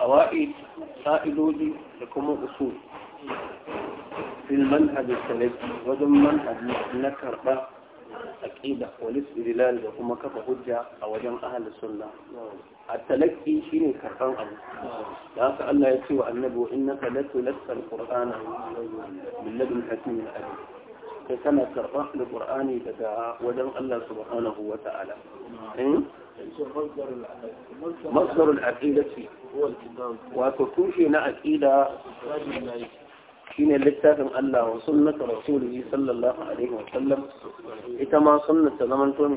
أوائل لي لكم أصول في المنهج السلف وضم منهج نكر با أكيدة ولس إدلال لكم كفا أو جمع أهل السنة التلقي شين كرقان أبو لا فألا يتوى النبو إنك لتلس القرآن من لدن حكيم الأبي فكما كرقان القرآن لدعاء وجمع الله سبحانه وتعالى مصدر العقيدة وكتوشي نعت إلى كين اللي اتاهم الله وسنة رسوله صلى الله عليه وسلم إتما صلنا تزمن تون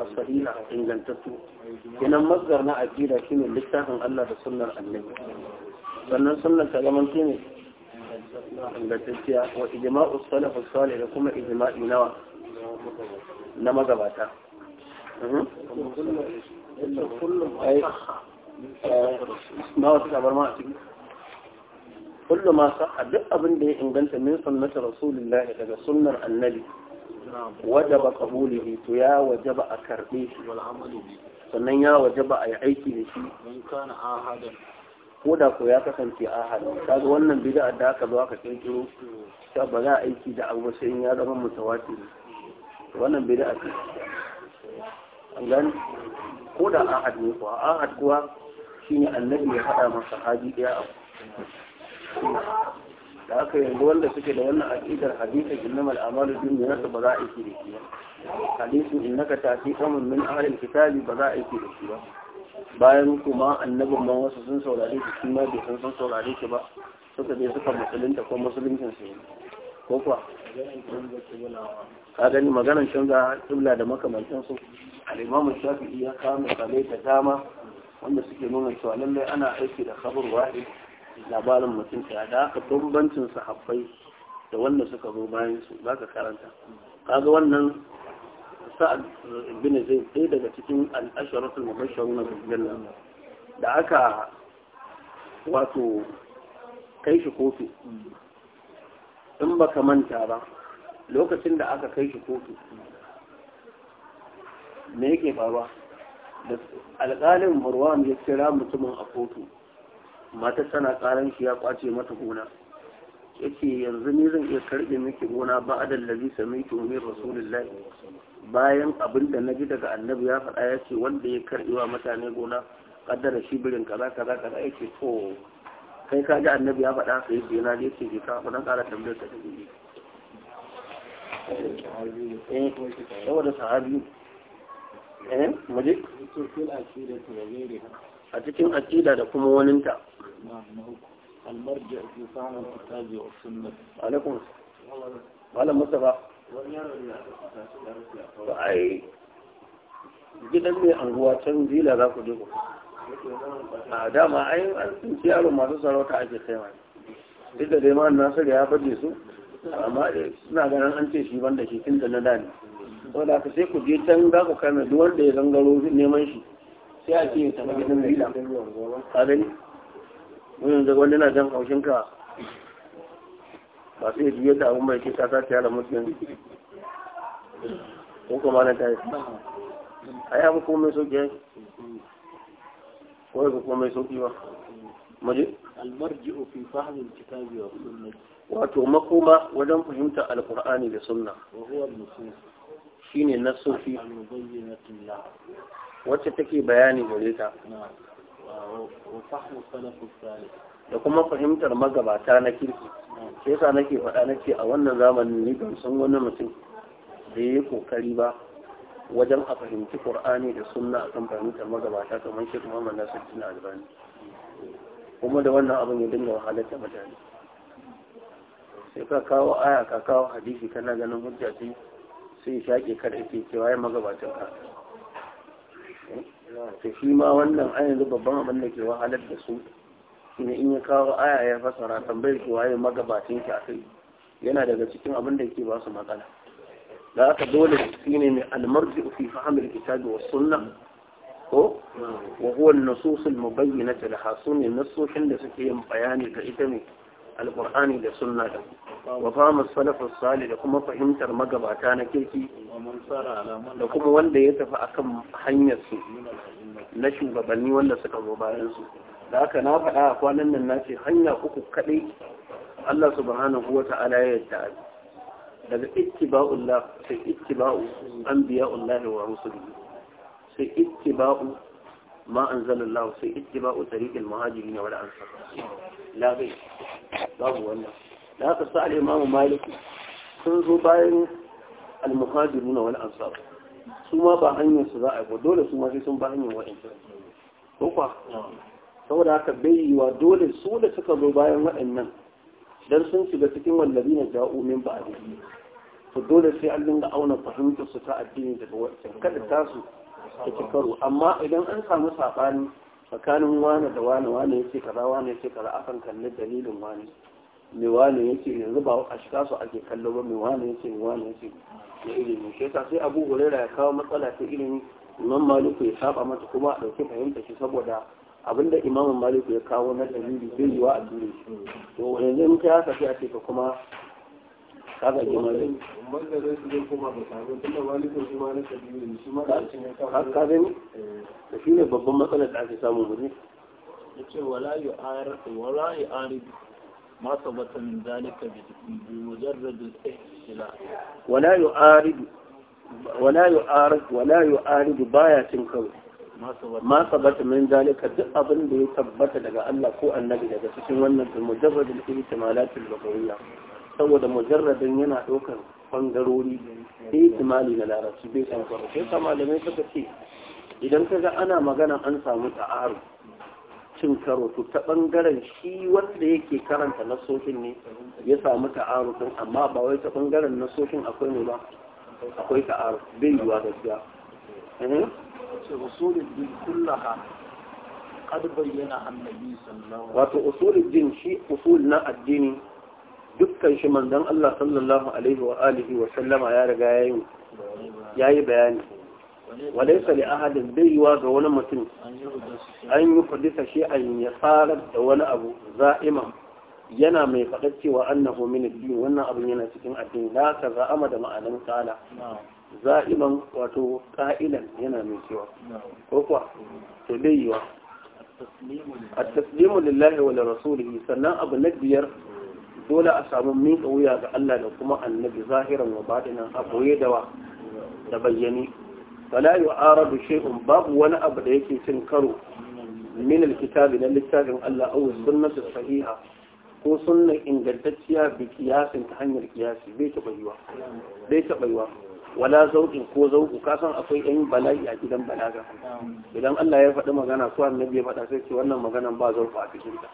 الصحيح إن لن تتو مصدر نعت إلى كين اللي اتاهم الله وسنة النبي فلن صلنا تزمن تون إن لن تتيا وإجماء الصلاة الصالح لكم إجماء نوى نمى زباتها Kullum ma sa a ciki duk abin da ya inganta min sunnati rasulillahi daga sunnar annabi wajaba qabulihi to ya wajaba a karbe shi sannan ya wajaba a yi aiki da shi ko da ko ya kasance ahadin kaga wannan bid'a da aka zo aka kirkiro ta ba za a aiki da abu sai ya zama mutawatir wannan bid'a ce an ko da ahad ne kuwa ahad kuwa shine annabi ya faɗa masa sahabi ɗaya abu da aka yanzu wanda suke da wannan aƙidar hadisin innama al'amalu bin nasu ba za a yi da shi ba hadisin innaka tafi qamun min ahlil kitabi ba za a yi da shi ba bayan kuma annabin man wasu sun saurare shi kuma bai san sun saurare shi ba suka je suka musulunta ko musuluncin su ko kuwa ka gani maganar canza kibla da makamantan su shafi'i ya kama misalai da dama wanda suke nuna cewa lallai ana aiki da khabar wahid labarin mutum ta da aka bambancin sahabbai da wanda suka zo bayan su za ka karanta kaga wannan sa'ad bin zai ɗaya daga cikin al'asharatul na bil nan da aka wato kai shi kofi in ka manta ba lokacin da aka kai shi kotu me yake faruwa da alƙalin marwan ya kira mutumin a kotu mata tana ƙaran shi ya kwace mata gona yake yanzu ni zan iya karɓe miki gona ba adal ladhi samitu min rasulillahi bayan abin da ji daga annabi ya faɗa yace wanda ya wa mutane gona kaddara shi birin kaza kaza kaza yake to kai ka ji annabi ya faɗa sai ke na ne ce ke ka faɗan ƙara tambayar ta dubi eh yawa da sahabi eh maje a cikin akida da kuma waninta المرجع في فهم الكتاب والسنة عليكم على مصطفى ai gidan mai anguwa can zila za ku je ku a dama ai an sun ci yaro masu sarauta ake kai mai duk da dai ma nasiru ya faɗi su amma suna ganin an ce shi banda shi tun da na dani wanda aka sai ku je can za ku kame duk wanda ya zangaro neman shi sai a ce ta magana mai gida. ka gani mun yanzu wani na jan haushin ka ba sai biyar da abun mai ke ta yara mutum ko kuma na ta yi a yi abu ke soke wai ga kuma mai sauki ba maje almarji'u fi fahmi alkitabi wa sunnah wato makoma wajen fahimta alqur'ani da sunna wa huwa an-nusus shine nasofi wacce take bayani gare ta da kuma fahimtar magabata na kirki sai yasa nake faɗa nake a wannan zamanin ni ban san wani mutum da ya yi kokari ba wajen a fahimci qur'ani da sunna akan fahimtar magabata kamar shi kuma manna sun albani kuma da wannan abin ya dinga wahalar da mutane sai ka kawo aya ka kawo hadisi kana ganin hujja sai sai shaƙe kada ke cewa ya ka ta eh? shi ma wannan a yanzu babban abin da ke wahalar da su ne in ya kawo aya ya fasara tambayar ki waye magabacin ki akai yana daga cikin abin da ke ba su matsala da aka dole shi ne mai almarji fi fahimar kitabi wa sunna ko wa huwa an-nusus laha sunni nasoshin da suke yin bayani ga ita ne alqur'ani da sunna da wa fahimar salaf salih da kuma fahimtar magabata na kirki da kuma wanda ya tafi akan hanyar su na shugabanni wanda suka zo bayan su da aka na faɗa a kwanan nan na ce hanya uku kaɗai Allah subhanahu wa ta'ala ya yarda daga ittiba'ullah sai ittiba'u anbiya'ullah wa rusulihi sai ittiba'u ma anzalallahu sai ittiba'u tariqil na wani ansar la bai babu wannan da haka sa al-imam malik sun zo bayan al-muhajirun wal ansar su ma ba hanyar su za a yi dole su ma sai sun ba hanyar wa'ancan ko kwa saboda haka bai yi wa dole su da suka zo bayan waɗannan dan sun shiga cikin wallazina ja'u min ba'di to dole sai an dinga auna fahimtar su ta addini daga wancan kada tasu ta ci karo amma idan an samu sabani tsakanin wani da wani wani yake kaza wani yake kaza akan kalli dalilin wani mai wani yake ne ba a shiga su ake kallo ba mai wani yake mai wane yake ilimi shi ta sai abu hurairah ya kawo matsala ta ilimi imam maliku ya saba mata kuma a ɗauki fahimta shi saboda abinda imamin malik ya kawo na dalili zai yi wa a duniya to yanzu in ka yasa sai a ce ka kuma ka ga ke mali wanda zai su zai koma ga sabon tunda maliku shi kuma na dalili shi ma da cin ka ka gani da shi ne babban matsalar da ake samu mu ne ce wala yu'ar wala yu'arid ما ثبت من ذلك بمجرد الاحتلال ولا يعارض ولا يعارض ولا يعارض باية كوي ma sabata min dalika duk abin da ya tabbata daga Allah ko annabi daga cikin wannan bil mujarrad al ihtimalat al lughawiyya saboda mujarradin yana daukar bangarori ihtimali na larabci bai san ko sai kuma da mai suka ce idan ka ga ana magana an samu ta'aru cin karo to ta bangaren shi wanda yake karanta nasoshin ne ya samu ta'aru din amma ba wai ta bangaren nasoshin akwai ne ba akwai ta'aru bai yiwa gaskiya wato usulul din shi usul na addini dukkan shi manzon Allah sallallahu alaihi wa alihi wa sallama ya riga yayi yayi bayani walaysa li ahadin baiwa ga wani mutum an yi hudisa shi an ya farar da wani abu za'ima yana mai faɗa cewa annahu min ad-din wannan abin yana cikin addini la ka za'ama da ma'anan sala za'iman wato ƙa'ilan yana mai cewa ko kuwa to bai yiwa at-taslimu lillahi wa rasulihi sannan abu na biyar dole a samu min wuya ga Allah da kuma annabi zahiran wa batinan a boye da wa da bayyani fala yu'aradu shay'un babu wani abu da yake cin karo min al-kitabi na littafin Allah aw sunnati sahiha ko sunnan ingantacciya bi kiyasin ta hanyar kiyasi bai taɓa yiwa wala zauƙin ko zauƙu ka san akwai ɗan bala'i a gidan balaga idan Allah ya faɗi magana ko annabi ya faɗa sai ce wannan maganan ba zauƙu a cikin ta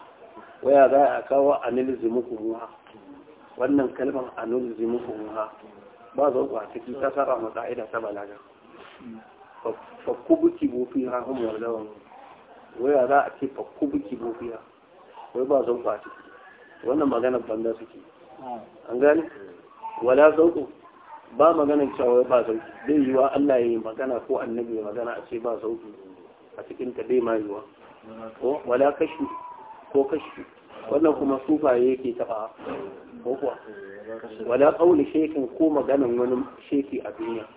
waya za a kawo anilzimukum muha wannan kalmar anilzimukum muha ba zauƙu a cikin ta saba mu ka'ida ta balaga Fakkubuki kubuki bofi ha hum walawan waya za a ce fakkubuki kubuki bofi ha wai ba zauƙu a ciki wannan maganar banda suke an gane wala zauƙu ba magana cewa ba sauki zai yi wa Allah ya yi magana ko annabi ya magana a ce ba sauki a cikin ta dai ma yiwa ko wala kashi ko kashi wannan kuma sufa yake taba ko kuwa wala kauli shekin ko maganan wani sheki a duniya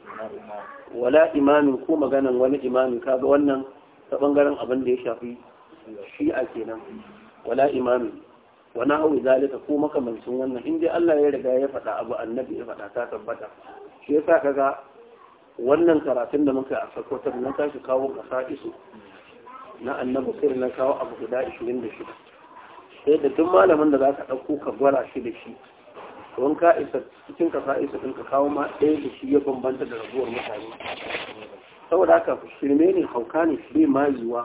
wala imamin ko maganan wani imamin kaga wannan ta bangaren abin da ya shafi shi'a kenan wala imamin wani hau zalika ko makamancin wannan in dai Allah ya riga ya faɗa abu annabi ya faɗa ta tabbata shi yasa kaga wannan karatun da muka a sakwatar na tashi kawo ƙasa isu na annabi sai na kawo abu guda 26 sai da duk malamin da za ka ɗauko ka gwara shi da shi don ka isa cikin kasa isa ɗin ka kawo ma ɗaya da shi ya bambanta da raguwar mutane saboda haka shirme ne hauka ne shi ma yiwuwa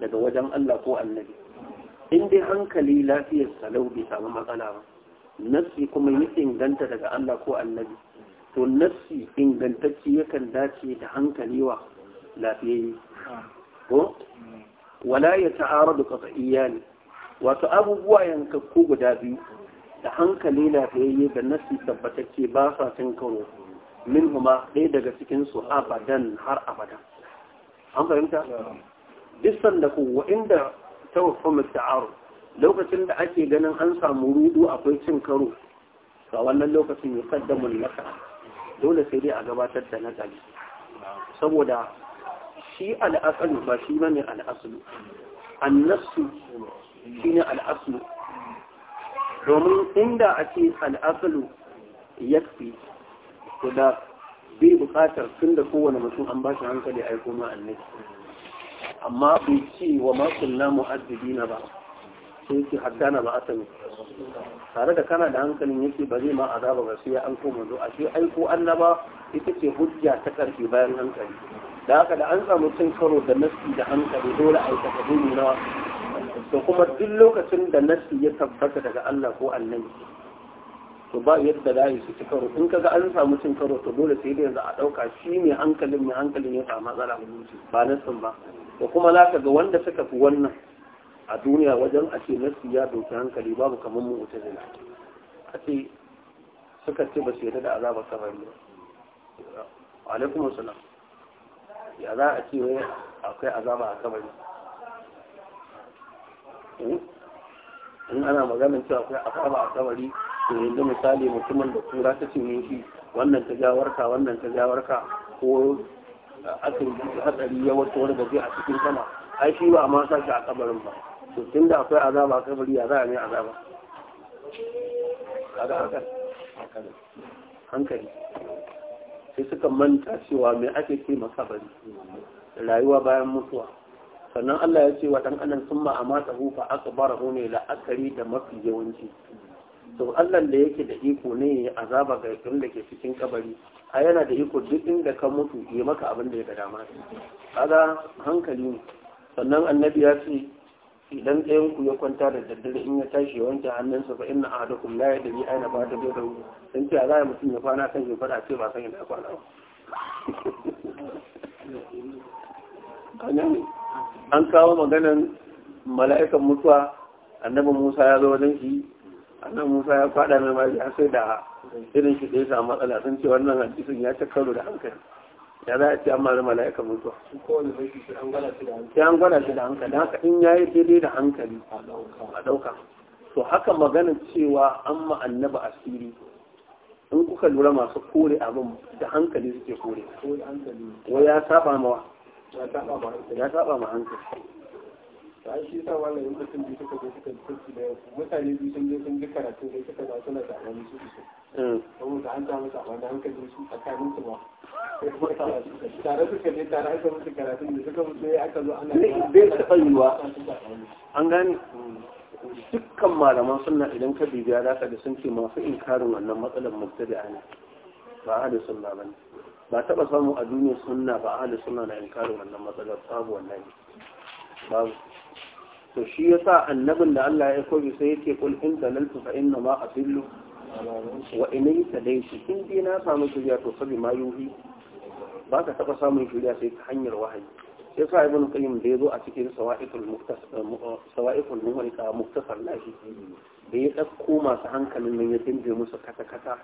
daga wajen Allah ko annabi in dai hankali lafiyar salau bai samu matsala ba nassi kuma yi inganta daga Allah ko annabi to nassi ingantacci yakan dace da hankali wa lafiyayye ko wala ya ta'aradu qat'iyya ne wato abubuwa yankakku guda biyu da hankali lafiyayye da nassi tabbatacce ba sa cin karo min huma ɗaya daga cikin su abadan har abada an fahimta dissan da ku wa'inda ta wafa musta'aru lokacin da ake ganin an samu rudu akwai cin karo a wannan lokacin ya mun nasa dole sai dai a gabatar da nazari saboda shi al'asalu ba shi ba ne al'asalu annasu shi ne al'asalu domin inda a ce al'asalu ya fi da bai bukatar tun da kowane mutum an ba shi hankali aiko ma annasu amma bai ce wa makulla mu'addibina ba sai ce haddana na ba asami tare da kana da hankalin yake ba zai ma azaba ba sai an koma zo ashe aiko annaba ita ce hujja ta karfi bayan hankali da haka da an samu cin karo da nasi da hankali dole a yi takadumi nawa to kuma duk lokacin da nasi ya tabbata daga Allah ko annabi to ba yadda da su ci karo in kaga an samu cin karo to dole sai da yanzu a dauka shi ne hankalin mai hankalin ya samu matsala ba nasin ba da kuma za ka ga wanda suka fi wannan a duniya wajen ake nasu ya doki hankali babu kamar mu wuta zina a ce suka ce ba su yadda da azabar kabari ba alaikum wasalam ya za a ce wai akwai azaba a kabari hmm? in ana maganin cewa akwai azaba a kabari to yanzu misali mutumin da kura ta cinye shi wannan ta jawarka wannan ta jawarka ko aka rubuta hatsari ya wata wani gaji a cikin sama ai shi ba a ma shi a kabarin ba to tun da akwai azaba a kabari ya za a mai azaba kaga haka hankali sai suka manta cewa me ake ce makabari rayuwa bayan mutuwa sannan Allah ya ce wa dan adam sun ma amata hu fa akbarahu ne la'akari da mafi yawanci to Allah da yake da iko ne ya azaba ga da ke cikin kabari a yana da iko duk inda ka mutu ya maka abin da ya ga dama kaga hankali ne sannan annabi ya ce idan ɗayan ku ya kwanta da daddare in ya tashi wanke hannunsa fa inna ahadakum la yadri aina ba ta da hu dan ce za a mutum ya kwana kan ya fara ce ba san inda kwana ba an kawo maganan mala'ikan mutuwa annabi Musa ya zo wajen shi annabi Musa ya fada mai mai sai da irin shi ɗaya samu matsala sun ce wannan hadisin ya ci karo da hankali ya za a ce an mara mala'ika mutuwa sai an gwada shi da hankali haka in ya yi daidai da hankali a ɗauka to haka maganin cewa an ma'annaba asiri in kuka lura masu kore abin da hankali suke kore wai ya saba ma hankali to ai shi yasa wannan in mutum biyu suka je suka kurci da mutane biyu sun je sun ji karatu sai suka za suna sabani su su mm. saboda an samu sabani hankalin su tsakanin su ba tare suka je tare aka musu karatu da suka mutu ya aka zo ana bai taɓa yiwa an gane dukkan malaman sunna idan ka bibiya za ka da sun ce masu inkarin wannan matsalar mubtadi'a ne ba ahli sunna bane ba taɓa samu a duniyar sunna ba ahli sunna na inkarin wannan matsalar babu wannan babu to shi yasa annabin da Allah ya koyi sai yake kul in dalaltu fa inna ma asillu wa inni sadaisi in dai na samu shirya to sabi ma yuhi ba ka taba samu shirya sai ta hanyar wahayi sai sa ibn qayyim da yazo a cikin sawaiful muktasar sawaiful muhriqa muktasar lahi da ya dauko masu hankalin nan ya dinje musu kata kata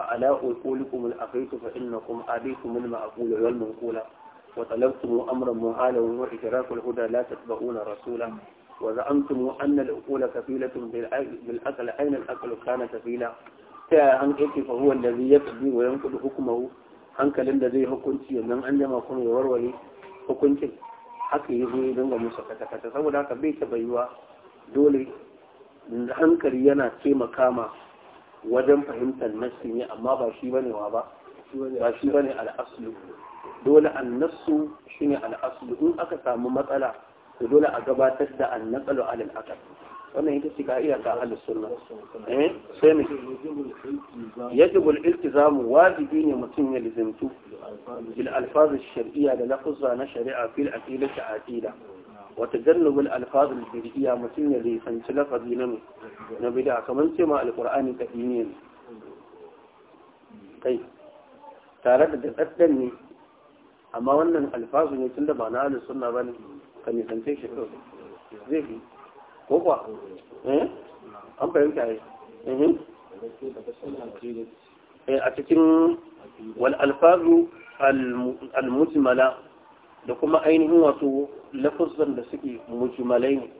a ala ulqulikum al-aqitu fa innakum min ma aqulu wal munqula وطلبتم أمرا مهالا وهو إدراك الهدى لا تتبعون رسولا وزعمتم أن الأقول كفيلة بالأقل أين الأقل كان كفيلا عن إيك فهو الذي يقضي وينقض حكمه عنك الذي حكمتي من عندما كن يورولي حكمتي haka ya zo ya dinga musu kata saboda haka bai taɓa yiwa dole hankali yana taimaka ma wajen fahimtar nassi ne amma ba shi bane wa ba ba shi bane al'aslu dole annasu shine al'aslu in aka samu matsala dole a gabatar da annaqalu alal aqal wannan yake ce ka'ida ta ahlus sunna eh sai ne yajibu al-iltizam wajibi ne mutum ya lizimtu bil alfaz shar'iyya da lafza na shari'a fil aqidati aqida wa tajannub al alfaz al-bid'iyya mutum ya lisanci lafzi na na bid'a kaman cewa ma al-qur'ani kadini ne kai tare da daddan ne amma wannan alfazu ne tunda ba na ahlus sunna bane ka nisance shi kawai zai fi ko kuwa eh? an fahimta yi mhm. eh, a cikin wal alfazu al-mujmala da kuma ainihin wasu lafazan da suke mujmalai ne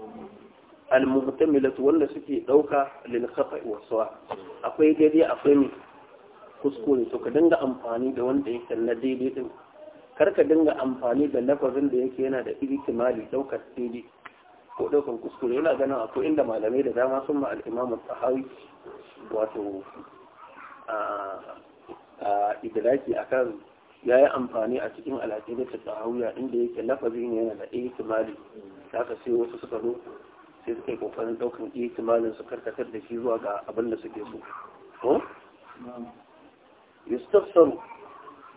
al-muhtamilatu wanda suke dauka lil khata'i wasuwa akwai daidai akwai kuskure to ka dinga amfani da wanda yake na daidai din karka dinga amfani da lafazin da yake yana da ihtimali daukar sidi ko daukar kuskure yana ganin akwai inda malamai da dama sun ma al-imamu tahawi wato a idraki akan ya yi amfani a cikin alhaƙi da tahawiya inda yake lafazin ne yana da ihtimali haka sai wasu suka zo sai suka yi kokarin daukar ihtimalin su karkatar da shi zuwa ga abin da suke so ko yustafsaru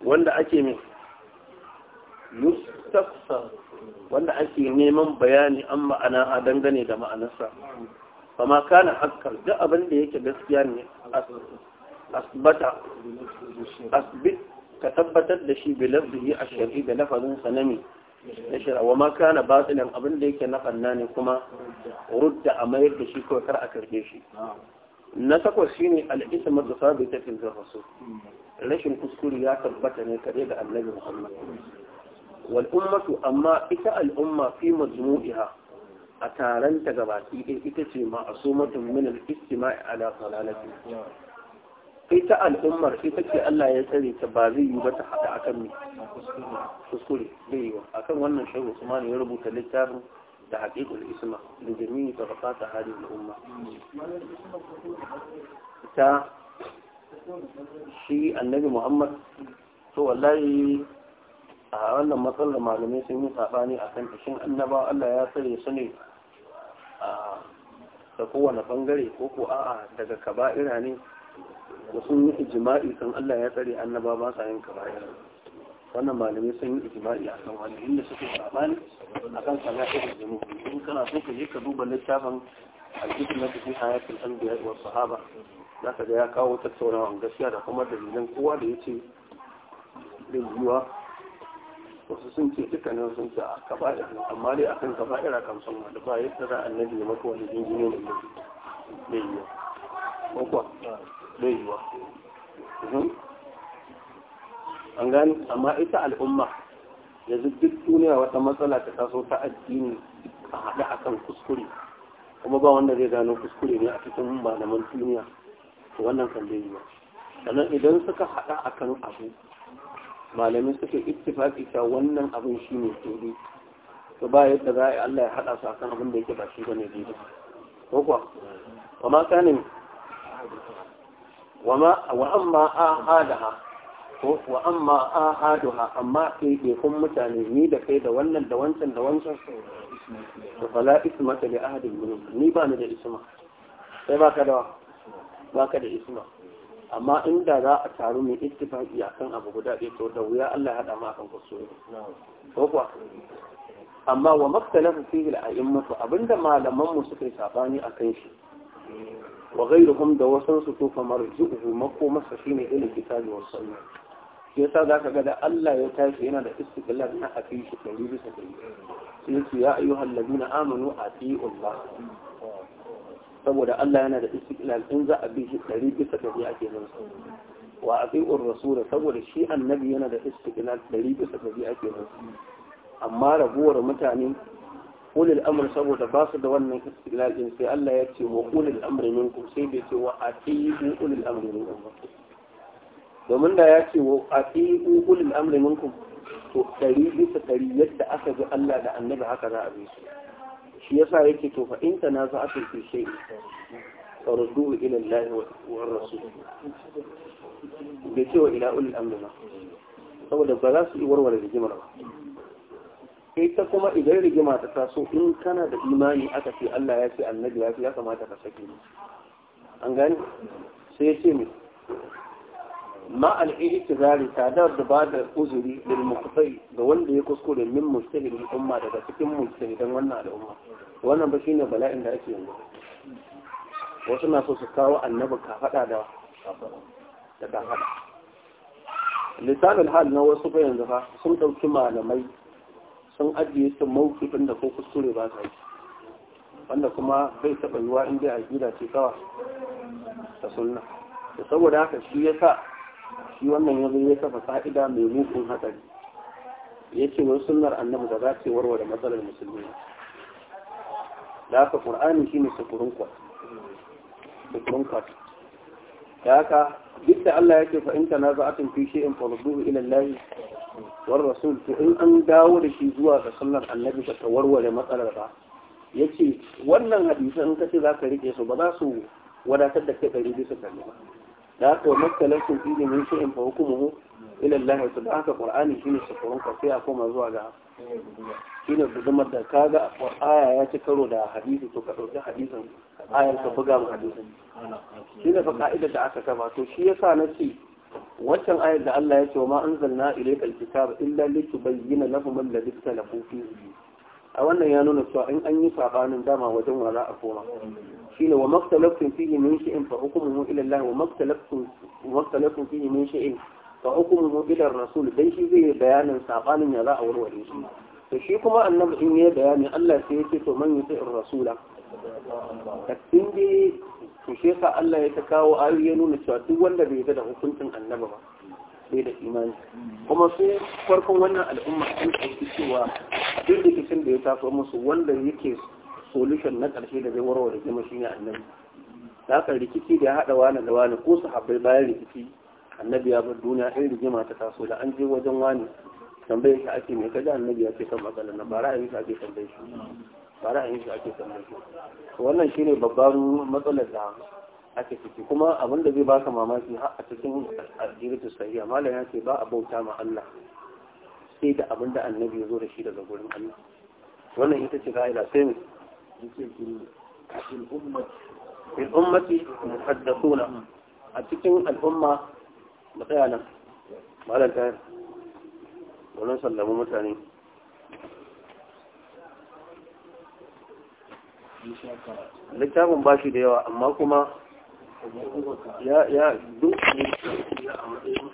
wanda ake mai yustafsa wanda ake neman bayani an ma'ana a dangane da ma'anarsa kama kana hakkar duk abin da yake gaskiya ne asbata asibit ka tabbatar da shi bi lafzihi a shari'i da lafazin sanami na shari'a wa ma kana batilin abin da yake na fanna ne kuma rudda a mayar da shi kawai kar a karbe shi na takwas shine al-isma da sabita fil rasul rashin kuskure ya tabbata ne kare da annabi Muhammad والأمة أما إتى الأمة في مجموعها أتارن تغباتي إتى معصومة من الاستماع على صلالتي إتى الأمة إتى كي ألا يسألي تبازي يبتح حتى أكمي تسكري بيوا أكم وانا شهر عثمان يربو تلتاب لحقيق الإسماء لجميع طبقات هذه الأمة إتى شيء النبي محمد هو الله a wannan matsalar malamai sun yi saɓani a kan ishin annaba Allah ya tsare su ne da kowane ɓangare ko ko a'a daga kaba'ira ne da sun yi ijima'i kan Allah ya tsare annaba ba sa yin kaba'ira wannan malamai sun yi ijima'i a kan wani inda suke saɓani a kan sana'ar jinu in kana so ka je ka duba littafin alkitin na tafi hayatul anbiya wa sahaba za ka ga ya kawo tattaunawa gaskiya da kuma dalilan kowa da ya ce zai yiwa wasu sun ce dukkanin sun ce a kaba'ir amma dai akan kaba'ira kan sun wani ba yadda za annabi ya maka wani jinjini ne bai yi wa kuwa bai yi mhm. an gani amma ita al'umma yanzu duk duniya wata matsala ta taso ta addini a haɗe akan kuskure kuma ba wanda zai gano kuskure ne a cikin malaman duniya to wannan kan bai yi ba sannan idan suka haɗa akan abu malamin suka ittifaki ta wannan abin shi ne tsoro to ba yadda za a Allah ya haɗa su a kan abin da yake ba shi ba ne ko kuwa wa ma kanin wa amma ha ko wa amma ha amma kai ke kun mutane ni da kai da wannan da wancan da wancan to fala isma ta li ahadin gudun ni ba ni da isma sai baka da baka da isma amma inda za a taru mai ittifaki akan abu guda ɗaya to da wuya Allah ya haɗa ma akan ne, ko kuwa amma wa maktalafa a al mutu abinda malaman mu suka yi sabani kan shi wa ghayruhum da wasan su to kamar ju'u mako masa shine ilmi kitabi wa sunna yasa zaka ga da Allah ya tashi yana da istiqlal na hafi shi 100% sai ya ayyuhal ladina amanu atiiu saboda Allah yana da istiqlal in za a bi shi ɗari bisa ɗari ake bin sa wa atiur rasula saboda shi annabi yana da istiqlal ɗari bisa ɗari ake bin sa amma rabuwar mutane ulil amr saboda ba su da wannan istiqlal din sai Allah ya ce wa ulil amri minkum sai bai ce wa atiu ulil amri minkum domin da ya ce wa atiu ulil amri minkum to ɗari bisa ɗari yadda aka ji Allah da annabi haka za a bi su shi yasa yake to fa in na za a fi shi faruddu ila Allah wa rasul bai ce wa ila ul amr ba saboda ba za su yi warware rigimar ba ta kuma idan rigima ta taso in kana da imani aka ce Allah ya ce annabi ya ya kamata ka saki ni an gani sai ya ce mai ma al-i'tizari ta da ba da uzuri da muqtai ga wanda ya kuskure min mujtahid al-umma daga cikin don wannan al'umma wannan ba shine bala'in da ake yanzu wasu na so su kawo annabi ka fada da da ka faɗa lisanin hal na wasu ba yanzu fa sun ɗauki malamai sun ajiye su mawkifin da ko kuskure ba sa yi wanda kuma bai taɓa yiwa in dai aƙida ce kawa ta sunna da saboda haka shi ya sa shi wannan yanzu ya kafa ka'ida mai mukun hatsari ya ce wai sunnar annabi da za ta warware matsalar musulmi da haka ƙur'ani shi ne sufurin kwat da haka duk da Allah yake fa'inta na za'atun fi shi'in farduhu ilallahi war rasul to in an dawo da shi zuwa ga sallar annabi ta warware matsalar ba ya ce wannan hadisan in ka ce za ka rike su ba za su wadatar da kai ɗari bisa ɗari ba da haka wa makkalancin ilimin shi'in fa hukumuhu ilallahi to da haka ƙur'ani shi ne sufurin kwat sai a koma zuwa ga shine zama da kaga a aya ya ci karo da hadisi to ka ɗauki hadisin ayar ka buga mu hadisin shine fa ka'idar da aka kama to shi yasa na ce waccan ayar da Allah ya ce wa ma anzalna ilaykal kitaba illa litubayyana lahum alladhi ikhtalafu fihi a wannan ya nuna cewa in an yi sabanin dama wajen wa za a koma shine wa maktalaftum fihi min shay'in fa hukmuhu ila Allah wa maktalaftum wa maktalaftum fihi min shay'in fa hukumuhu ila rasul dan shi zai bayanin sabanin ya za a warware shi to shi kuma annabi in yayi bayani Allah sai yake to man yuti rasula in dai to shi yasa Allah ya ta kawo ayoyi ya nuna cewa duk wanda bai da hukuncin annabi ba sai da imani kuma su farkon wannan al'umma sun ɗauki cewa duk rikicin da ya taso musu wanda yake solution na ƙarshe da zai warware rigima shi ne annabi da haka rikici da ya haɗa wani da wani ko su haɓar bayan rikici annabi ya bar duniya in rigima ta taso da an je wajen wani tambayar shi ake mai kaji annabi ya ce kan matsala na ba ra'ayin shi ake tambayar shi ba ra'ayin shi ake tambayar shi wannan shine babbar matsalar da ake ciki kuma abin da zai baka mamaki har a cikin addinin sahiha malam ya ce ba a bauta ma Allah sai da abin da annabi ya zo da shi daga gurin Allah wannan ita ce ka'ida sai mu cikin ummati fil ummati muhaddathuna a cikin al'umma mu tsaya nan malam tayar wannan sallamu mutane littafin ba shi da yawa amma kuma ya duk ya a matsayin